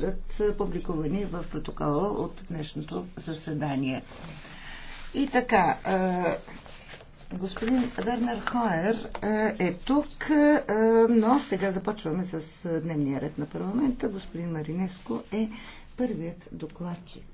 бъдат публикувани в протокола от днешното заседание. И така, господин Вернер Хоер е тук, но сега започваме с дневния ред на парламента. Господин Маринеско е първият докладчик.